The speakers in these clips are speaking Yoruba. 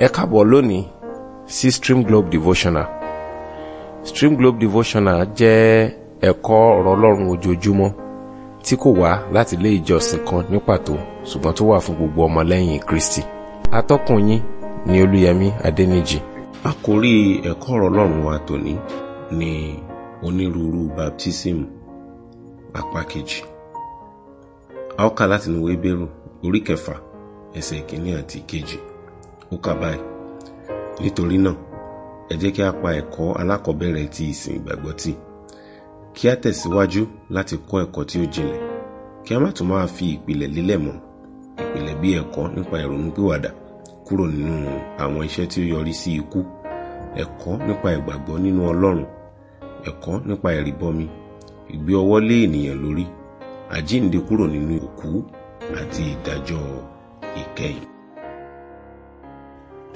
ẹ e lónìí sí si Stream Globe Devotional Stream Globe Devotional jẹ́ ẹ̀kọ́ ọ̀rọ̀ ọlọ́run ojoojúmọ́ tí kò wá láti ilé ìjọsìn kan ní pàtó ṣùgbọ́n tó wà fún gbogbo ọmọlẹ́yìn Kristi atọ́kùn yín ni Olúyẹmí Adẹ́nìjì. àkórí ẹ̀kọ́ ọ̀rọ̀ ọlọ́run wa tòní ni onírúurú baptism apá kejì a ó kà láti inú Hébérù orí kẹfà ẹsẹ̀ ìkíní àti ìkejì ó kà báyìí nítorí náà ẹ jẹ́ kí a pa ẹ̀kọ́ alákọ̀ọ́bẹ̀rẹ̀ ti ìsìn ìgbàgbọ́ tì kí a tẹ̀síwájú láti kọ́ ẹ̀kọ́ tí ó jinlẹ̀ kí a má tún máa fi ìpìlẹ̀ lélẹ̀ mọ́ ìpìlẹ̀ bí ẹ̀kọ́ nípa ìrònúpìwàdà kúrò nínú àwọn iṣẹ́ tí ó yọrí sí ikú ẹ̀kọ́ nípa ìgbàgbọ́ nínú Ọlọ́run ẹ̀kọ́ nípa ìrìbọmi ìgbé ọwọ́ lé ènìyàn lórí àjíǹde kúrò nínú òkú àti ìdájọ́ ìkẹyìn.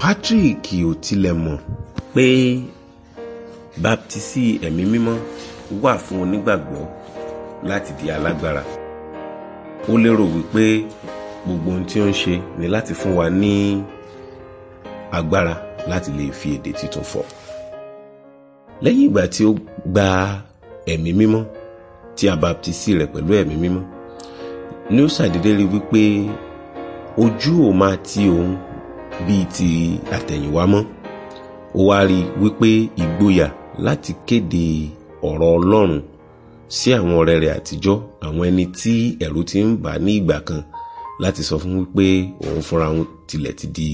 Patrick ò tilẹ̀ mọ̀ pé baptisi ẹ̀mí mímọ́ wà fún onígbàgbọ́ láti di alágbára ó lérò wípé gbogbo ohun tí ó ń ṣe ni láti fún wa ní agbára láti lè fi èdè tuntun fọ̀ lẹ́yìn ìgbà tí ó gba ẹ̀mí mímọ́ tí a baptisi rẹ̀ pẹ̀lú ẹ̀mí mímọ́ ni ó ṣàdédé rí wípé ojú ò máa ti òun bíi ti àtẹ̀yìnwá mọ́ ó wá rí i wípé ìgboyà láti kéde ọ̀rọ̀ ọlọ́run sí àwọn ọ̀rẹ́ rẹ̀ àtijọ́ àwọn ẹni tí ẹ̀rù ti ń bà ní ìgbà kan láti sọ fún wípé òun fúnra òun tilẹ̀ ti di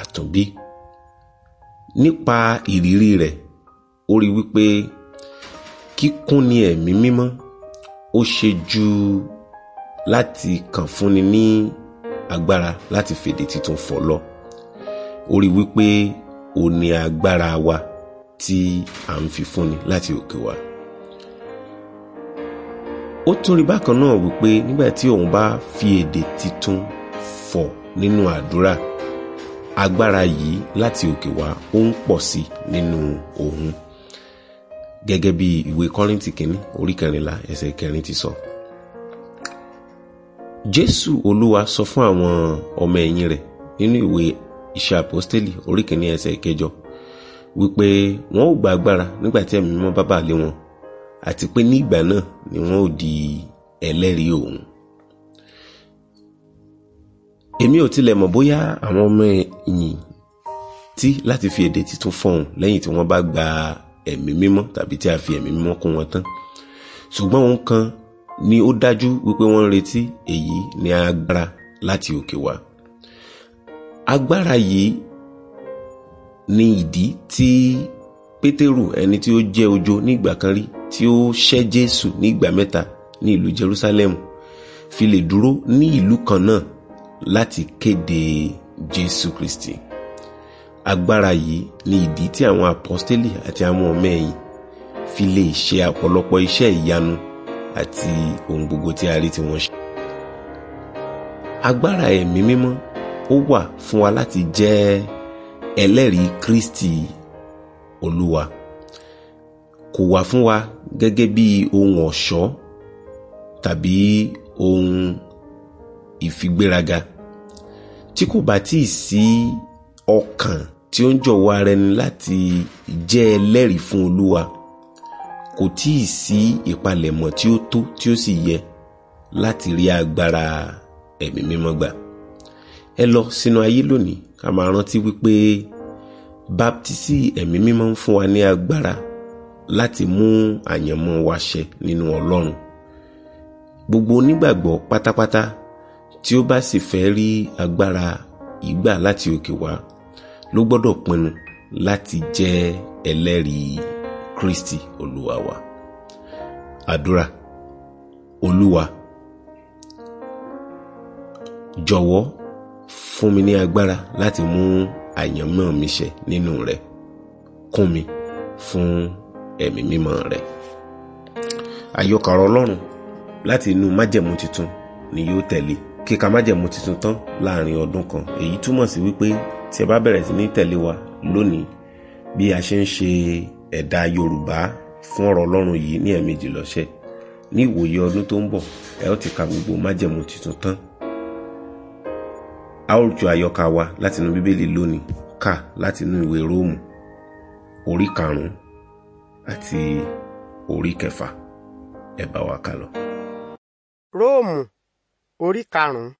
àtúnbí nípa ìrírí rẹ̀ ó rí wípé kíkúnni ẹ̀mí mímọ́ ó ṣe ju láti kàn fúnni ní agbára láti fèdè tuntun fọ̀ lọ ó rí wípé ó ní agbára wa tí à ń fi fúnni láti òkè wa ó tún rí bákan náà wípé nígbà tí òun bá fi èdè titun fọ̀ nínú àdúrà agbára yìí láti òkè wá ó ń pọ̀ sí nínú òun gẹ́gẹ́ bí ìwé kọ́rìntì kínní orí kẹrìnlá ẹsẹ̀ kẹrin ti sọ. jésù olúwa sọ fún àwọn ọmọ ẹ̀yìn rẹ̀ nínú ìwé iṣẹ́ àpọ́stélì orí kìíní ẹsẹ̀ ìkẹjọ wípé wọn ò gba agbára nígbà tí ẹ̀mí mímọ́ bá lé wọn àti pé ní ìgbà náà ni wọn ò di ẹlẹ́rìí òun. èmi ò tilẹ̀ mọ̀ bóyá àwọn ọmọ ẹ̀yìn tí láti fi èdè titun fọhùn lẹ́yìn tí wọ́n bá gba ẹ̀mí mímọ́ tàbí tí a fi ẹ̀mí mímọ́ kún wọn tán ṣùgbọ́n ohun kan ni ó dájú wípé wọ́n ń retí èyí ní agbára láti òkè wá agbára yìí ni ìdí tí pétérù ẹni tí ó jẹ́ ojo nígbà kan rí tí ó ṣẹ́ jésù ní ìgbà mẹ́ta ní ìlú jerusalem fi lè dúró ní ìlú kan náà láti kéde jésù kristi agbára yìí ni ìdí tí àwọn apọ́stélì àti àwọn ọmọ ẹ̀yìn fi lè ṣe ọ̀pọ̀lọpọ̀ iṣẹ́ ìyanu àti ohun gbogbo tí a rí tí wọ́n ṣe agbára ẹ̀mí mímọ́ ó wà fún wa láti jẹ́ ẹlẹ́rìí Kristi Olúwa kò wà fún wa gẹ́gẹ́ bí ohun ọ̀ṣọ́ tàbí ohun ìfigbéraga tí kò bá tíì sí ọkàn tí ó ń jọ̀wọ́ ara ẹni láti jẹ́ ẹlẹ́rìí fún Olúwa kò tíì sí ìpalẹ̀mọ́ tí ó tó tí ó sì yẹ láti rí agbára ẹ̀mí mímọ́ gbà ẹ lọ sínú ayé lónìí ká máa rántí wípé baptisi ẹ̀mí mímọ́ ń fún wa ní agbára láti mú àyànmọ́ wa ṣẹ nínú ọlọ́run gbogbo onígbàgbọ́ pátápátá tí ó bá sì fẹ́ rí agbára ìgbà láti òkè wá ló gbọ́dọ̀ pinnu láti jẹ́ ẹlẹ́rìí kristi olúwa wa àdúrà olúwa jọ̀wọ́ fún mi ní agbára láti mú àyànmọ́ mi ṣẹ nínú rẹ kún mi fún ẹ̀mí mímọ́ rẹ àyọkàrọ̀ ọlọ́run láti inú májẹ̀mú tuntun ni yóò tẹ̀lé kíka májẹ̀mú tuntun tán láàrin ọdún kan èyí túmọ̀ sí wípé tí ẹ bá bẹ̀rẹ̀ sí ní tẹ̀lé wa lónìí bí a ṣe ń ṣe ẹ̀dà yorùbá fún ọ̀rọ̀ ọlọ́run yìí ní ẹ̀ẹ̀mejì lọ́sẹ̀ ní ìwòye ọdún tó ń bọ̀ ẹ ó ti ka gbogbo májẹ̀mú tuntun tán a ó jọ àyọkà wa látinú bíbélì lónìí kà látinú ìwé róòmù orí karùnún àti orí kẹfà ẹ bá wa kà lọ. róòmù orí karùnún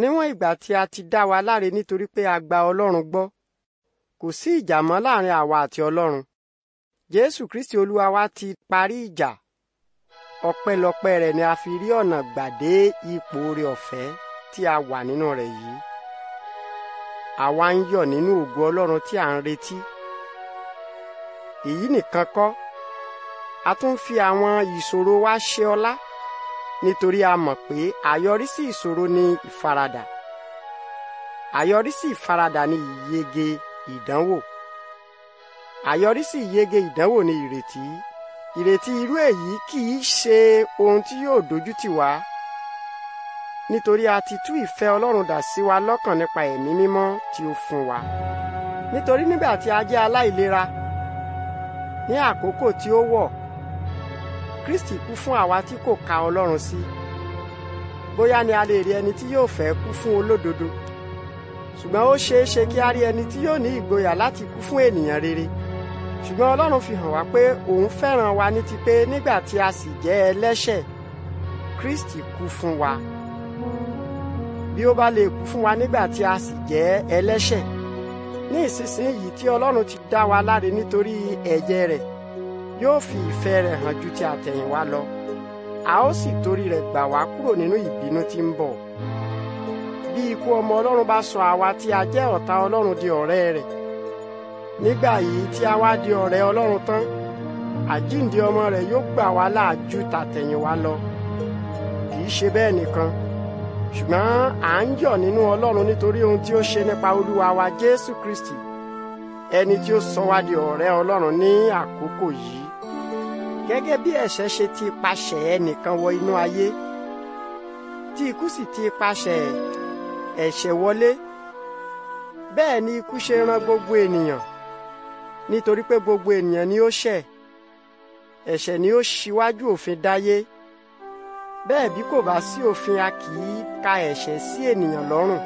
níwọ̀n ìgbà tí a ti dá wa láre nítorí pé a gba ọlọ́run gbọ́ kò sí ìjà mọ́ láàrin àwa àti ọlọ́run jésù kristi olúwa wa ti parí ìjà ọpẹ́lọpẹ́ rẹ̀ ni a fi rí ọ̀nà gbà dé ipò oore ọ̀fẹ́ tí a wà nínú rẹ̀ yìí àwa ń yọ̀ nínú ògo Ọlọ́run tí à ń retí èyí nìkan kọ́ a tún fi àwọn ìṣòro wa ṣe ọlá nítorí a mọ̀ pé àyọrísí ìṣòro ni ìfaradà àyọrísí ìfaradà ni ìyege ìdánwò àyọrísí ìyege ìdánwò ni ìrètí ìrètí irú èyí kì í ṣe ohun tí yóò dojú tì wá nítorí a ti tú ìfẹ́ Ọlọ́run dà sí wa lọ́kàn nípa ẹ̀mí mímọ́ tí ó fún wa nítorí nígbà tí a jẹ́ aláìlera ní àkókò tí ó wọ̀ Kristi kú fún àwa tí kò ka Ọlọ́run sí bóyá ni a lè rí ẹni tí yóò fẹ́ kú fún olódodo ṣùgbọ́n ó ṣeé ṣe kí a rí ẹni tí yóò ní ìgboyà láti kú fún ènìyàn rere ṣùgbọ́n Ọlọ́run fi hàn wá pé òun fẹ́ràn wa ní ti pé nígbà tí a sì jẹ́ ẹlẹ́ṣẹ̀ Kristi kú fún wa. Mm -hmm bí ó bá lè kú fún wa nígbà tí a sì jẹ́ ẹlẹ́ṣẹ̀ ní ìsinsìnyí tí ọlọ́run ti dá wa láre nítorí ẹ̀jẹ̀ rẹ̀ yóò fi ìfẹ́ rẹ̀ hàn ju ti àtẹ̀yìnwá lọ a ó sì torí rẹ̀ gbà wá kúrò nínú ìbínú tí ń bọ̀ bí ikú ọmọ ọlọ́run bá sọ àwa tí a jẹ́ ọ̀tá ọlọ́run di ọ̀rẹ́ rẹ̀ nígbà yìí tí a wá di ọ̀rẹ́ ọlọ́run tán àjíǹde ọmọ rẹ̀ yóò gbà wá là tàtẹ̀yìnwá lọ kì í ṣe bẹ́ẹ̀ nìkan ṣùgbọ́n à ń yọ̀ nínú Ọlọ́run nítorí ohun tí ó ṣe nípa Olúwa wa Jésù Kristi ẹni tí ó sọ wá di ọ̀rẹ́ Ọlọ́run ní àkókò yìí gẹ́gẹ́ bí ẹ̀ṣẹ̀ ṣe ti pasẹ̀ ẹnìkan wọ inú ayé tí ikú sì ti pasẹ̀ ẹ̀ṣẹ̀ wọlé bẹ́ẹ̀ ni ikú ṣe rán gbogbo ènìyàn nítorí pé gbogbo ènìyàn ni ó ṣẹ̀ ẹ̀ṣẹ̀ ni ó ṣíwájú òfin dáyé bẹ́ẹ̀ bí kò bá sí òfin a kì í ka ẹ̀ṣẹ̀ sí ènìyàn lọ́rùn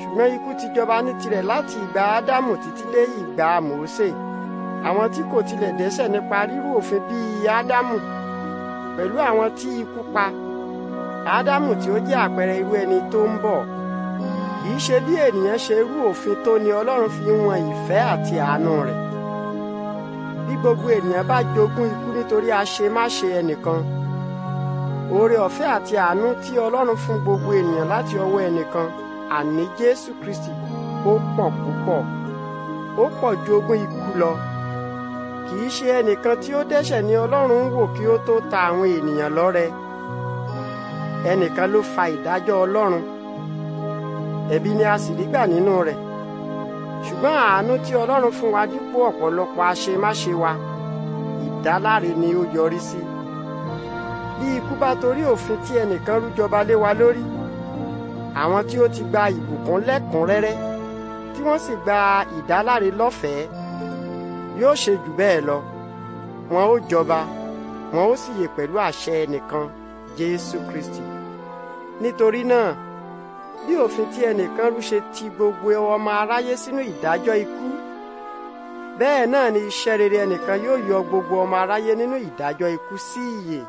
ṣùgbọ́n ikú ti jọba ní tirẹ̀ láti ìgbà ádámù títí dé ìgbà mòósè àwọn tí kò tilẹ̀ dẹ́ṣẹ̀ nípa rírú òfin bíi ádámù pẹ̀lú àwọn tí ikú pa ádámù tí ó jẹ́ àpẹẹrẹ irú ẹni tó ń bọ̀ kì í ṣe bí ènìyàn ṣe rú òfin tó ni ọlọ́run fi wọn ìfẹ́ àti àánú rẹ̀ bí gbogbo ènìyàn bá jogún ikú nítorí àṣemáṣe ẹnìkan oore ọ̀fẹ́ àti àánú tí Ọlọ́run fún gbogbo ènìyàn láti ọwọ́ ẹnìkan àní Jésù Kristi ó pọ̀ púpọ̀ ó pọ̀ ju ogún ikú lọ kì í ṣe ẹnìkan tí ó dẹ́ṣẹ̀ ni Ọlọ́run ń wò kí ó tó ta àwọn ènìyàn lọ́rẹ ẹnìkan ló fa ìdájọ́ Ọlọ́run ẹ̀bi ni a sì rí gbà nínú rẹ̀ ṣùgbọ́n àánú tí Ọlọ́run fún wa dípò ọ̀pọ̀lọpọ̀ àṣemáṣe wa ìdáláre ni ó yọrí sí bí ikú bá torí òfin tí ẹnìkan rújọba lé wa lórí àwọn tí ó ti gba ìbùkún lẹ́kùnrẹ́rẹ́ tí wọ́n sì gba ìdáláre lọ́fẹ̀ẹ́ yóò ṣe jù bẹ́ẹ̀ lọ wọn ó jọba wọn ó sì yè pẹ̀lú àṣẹ ẹnìkan Jésù Kristi nítorí náà bí òfin tí ẹnìkan rú ṣe ti gbogbo ọmọ aráyé sínú ìdájọ́ ikú bẹ́ẹ̀ náà ni iṣẹ́ rere ẹnìkan yóò yọ gbogbo ọmọ aráyé nínú ìdájọ́ ikú sí ìyè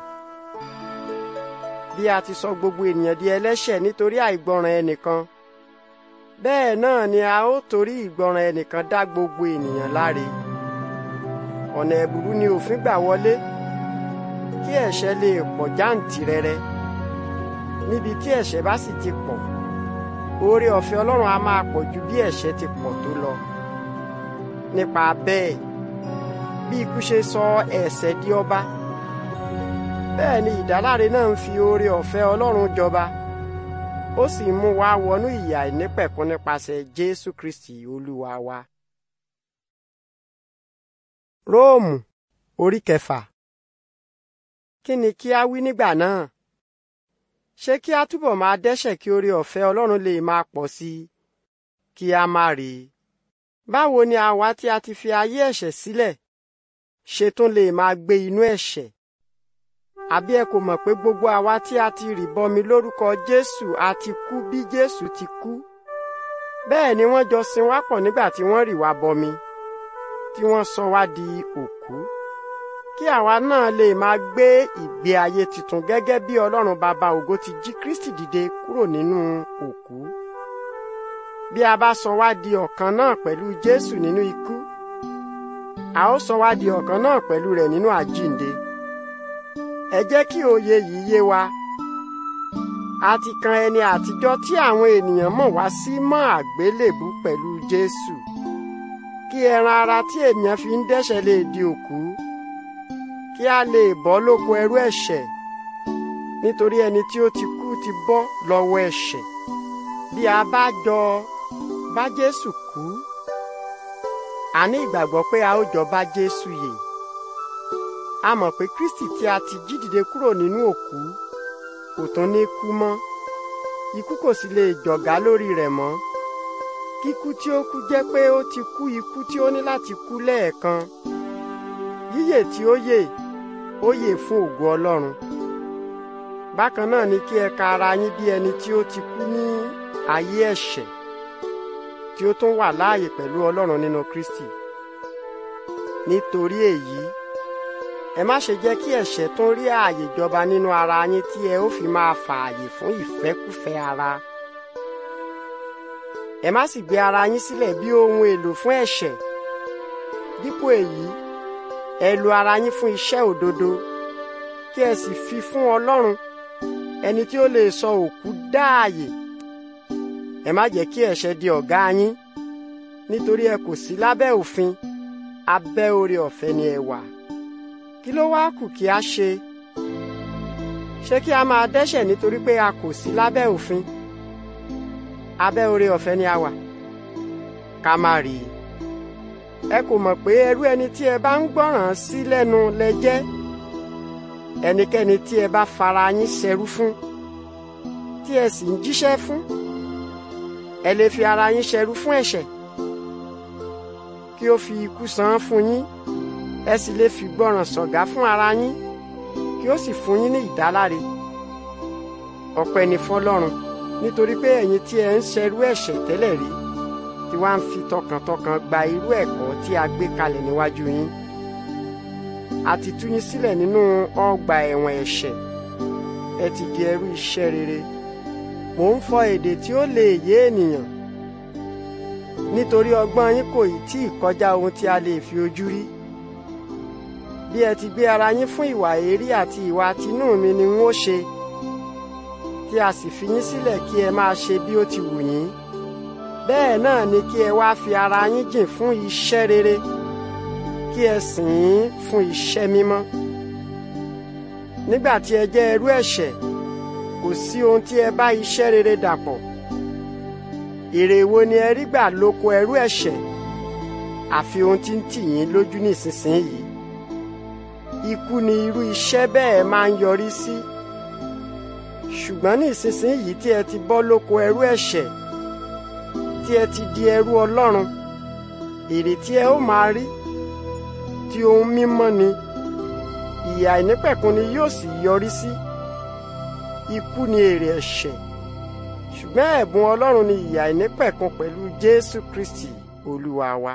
bí a ti sọ gbogbo ènìyàn di ẹlẹ́ṣẹ̀ nítorí àìgbọràn ẹnìkan bẹ́ẹ̀ náà ni a ó torí ìgbọràn ẹnìkan dá gbogbo ènìyàn láre ọ̀nà ẹ̀bùrú ni òfin gbà wọlé kí ẹ̀ṣẹ̀ lè pọ̀ jáǹtìrẹrẹ níbi tí ẹ̀ṣẹ̀ bá sì ti pọ̀ oore ọ̀fẹ́ Ọlọ́run a máa pọ̀ ju bí ẹ̀ṣẹ̀ ti pọ̀ tó lọ nípa bẹ́ẹ̀ bí ikú ṣe sọ ẹ̀ṣẹ̀ di ọba bẹ́ẹ̀ ni ìdáláre náà ń fi oore ọ̀fẹ́ Ọlọ́run jọba ó sì mú wa wọnú ìyà ìnípẹ̀kún nípasẹ̀ Jésù Kristi Olúwa wa. Róòmù orí kẹfà kí ni kí a wí nígbà náà ṣé kí a túbọ̀ máa dẹ́ṣẹ̀ kí oore ọ̀fẹ́ Ọlọ́run lè máa pọ̀ sí i kí a má rí i báwo ni àwa tí a ti fi ayé ẹ̀ṣẹ̀ sílẹ̀ ṣe tún lè máa gbé inú ẹ̀ṣẹ̀ àbí ẹ kò mọ̀ pé gbogbo àwa tí a ti rìbọmi lórúkọ Jésù a ti kú bí Jésù ti kú bẹ́ẹ̀ ni wọ́n jọ sin wá pọ̀ nígbà tí wọ́n rì wá bọmi tí wọ́n sọ wá di òkú kí àwa náà lè máa gbé ìgbé ayé tuntun gẹ́gẹ́ bí Ọlọ́run bàbá ògo ti jí Kristi dìde kúrò nínú òkú bí a bá sọ wá di ọ̀kan náà pẹ̀lú Jésù nínú ikú a ó sọ wá di ọ̀kan náà pẹ̀lú rẹ̀ nínú àjíǹde ẹ jẹ́ kí òye yìí yé wa a ti kan ẹni àtijọ́ tí àwọn ènìyàn mọ̀ wá sí mọ́ àgbélébú pẹ̀lú Jésù kí ẹran ara tí ènìyàn fi ń dẹ́ṣẹ̀ lè di òkú kí a lè bọ́ lóko ẹrú ẹ̀ṣẹ̀ nítorí ẹni tí ó ti kú ti bọ́ lọ́wọ́ ẹ̀ṣẹ̀ bí a bá jọ bá Jésù kú a ní ìgbàgbọ́ pé a ó jọ bá Jésù yè a mọ̀ pé Kristi tí a ti jí dìde kúrò nínú òkú kò tún ní kú mọ́ ikú kò sì lè jọ̀gá lórí rẹ̀ mọ́ kíkú tí ó kú jẹ́ pé ó ti kú ikú tí ó ní láti kú lẹ́ẹ̀kan yíyè tí ó yè ó yè fún ògo Ọlọ́run bákan náà ni kí ẹ ka ara yín bí ẹni tí ó ti kú ní ayé ẹ̀ṣẹ̀ tí ó tún wà láàyè pẹ̀lú Ọlọ́run nínú Kristi nítorí èyí ẹ má ṣe jẹ́ kí ẹ̀ṣẹ̀ tún rí ààyè jọba nínú ara yín tí ẹ ó fi máa fààyè fún ìfẹ́kúfẹ́ ara ẹ má sì gbé ara yín sílẹ̀ bí ohun èlò fún ẹ̀ṣẹ̀ dípò èyí ẹ lo ara yín fún iṣẹ́ òdodo kí ẹ sì fi fún Ọlọ́run ẹni tí ó lè sọ òkú dáàyè ẹ má jẹ́ kí ẹ̀ṣẹ̀ di ọ̀gá yín nítorí ẹ kò sí lábẹ́ òfin abẹ́ oore ọ̀fẹ́ ni ẹ wà kí ló wá kù kí a ṣe? ṣé kí a máa dẹ́ṣẹ̀ nítorí pé a kò sí lábẹ́ òfin? abẹ́ oore ọ̀fẹ́ ni a wà ká má rí i. ẹ kò mọ̀ pé ẹrú ẹni tí ẹ bá ń gbọ́ràn sí lẹ́nu lẹ ẹnikẹ́ni tí ẹ bá fara yín ṣẹrú fún tí ẹ sì ń jíṣẹ́ fún ẹ lè fi ara yín ṣẹrú fún ẹ̀ṣẹ̀ kí ó fi ikú san án fún yín ẹ sì lè fi gbọ́ràn ṣọ̀gá fún ara yín kí ó sì fún yín ní ìdáláre ọpẹ́ ni fọ́lọ́run nítorí pé ẹ̀yin tí ẹ ń ṣerú ẹ̀ṣẹ̀ tẹ́lẹ̀ rí tí wàá ń fi tọkàntọkàn gba irú ẹ̀kọ́ tí a gbé kalẹ̀ níwájú yín a ti tú yín sílẹ̀ nínú ọgbà ẹ̀wọ̀n ẹ̀ṣẹ̀ ẹ ti di ẹrú iṣẹ́ rere mò ń fọ̀ èdè tí ó lè yé ènìyàn nítorí ọgbọ́n yín kò ì tí ì kọjá ohun tí a lè fi ojú rí bí ẹ ti gbé ara yín fún ìwà èérí àti ìwà tinú mi ni n ó ṣe tí a sì fi yín sílẹ̀ kí ẹ máa ṣe bí ó ti wù yín bẹ́ẹ̀ náà ni kí ẹ wá fi ara yín jìn fún iṣẹ́ rere kí ẹ sìn ín fún iṣẹ́ mímọ́ nígbà tí ẹ jẹ́ ẹrú ẹ̀ṣẹ̀ kò sí ohun tí ẹ bá iṣẹ́ rere dàpọ̀ èrè wo ni ẹ rí gbà lóko ẹrú ẹ̀ṣẹ̀ àfi ohun tí ń tì yín lójú nísinsìnyí ikú ni irú iṣẹ́ bẹ́ẹ̀ máa ń yọrí sí ṣùgbọ́n ní ìsinsìnyí tí ẹ ti bọ́ lóko ẹrú ẹ̀ṣẹ̀ tí ẹ ti di ẹrú Ọlọ́run èrè tí ẹ ó máa rí ti ohun mímọ́ ni ìyà àìnípẹ̀kun ni yóò sì yọrí sí ikú ni èrè ẹ̀ṣẹ̀ ṣùgbọ́n ẹ̀bùn Ọlọ́run ni ìyà àìnípẹ̀kun pẹ̀lú Jésù Kristi Olúwa wa